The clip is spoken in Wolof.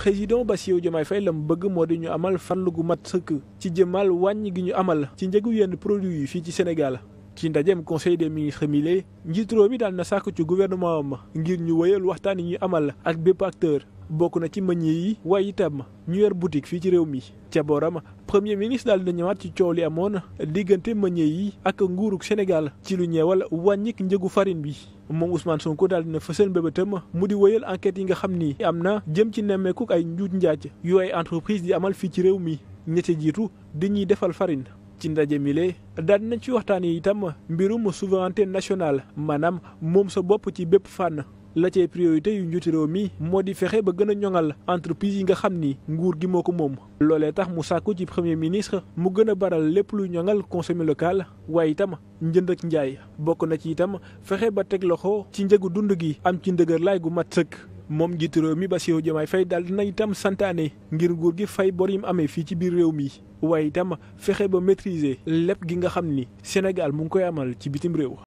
président may fay la mu bëgg moo di ñu amal farlu gu mat sëkk ci jëmal wàññi gi ñu amal ci njëgu yenn produit yi fii ci Sénégal ci ndajeem conseil des ministres milé njiit réew mi daal na sàkk ci gouvernement ma ngir ñu wëyal waxtaan yi ñu amal la ak bépp acteur bokk na ci meññe yi waaye itam ñu yor boutique fii ci réew mi ca ma premier ministre daal dina ñëwaat ci coow li amoon diggante meññe yi ak nguurug Sénégal ci lu ñeewal wàññik njëgu farine bi moom Ousmane Sonko daal dina fësal mbébétam mu di wëyal enquête yi nga xam ni am na jëm ci nemmeekuk ay njuuj njaaj yu ay entreprise di amal fii ci réew mi ñetti jiitu ñuy defal farine ci ndaje mile daal dina ci waxtaanee itam mbirum souveraineté nationale maanaam moom sa bopp ci bépp fànn. la cee priorité yu njiitu réew mi moo di fexe ba gën a ñoŋal entreprise yi nga xam ni nguur gi moo ko moom loolee tax mu sàkku ci premier ministre mu gën a baral lépp luy ñoŋal consommé local waaye itam njënd ak njaay bokk na ci itam fexe ba teg loxo ci njëgu dund gi am ci ndëgër laay gu mat sëkk moom njiitu réew mi Bassirou Diomaye Faye daal dina itam santaane ngir nguur gi fay bor yi mu amee fii ci biir réew mi waaye itam fexe ba maîtriser lépp gi nga xam ni Sénégal mu ngi koy amal ci bitim réew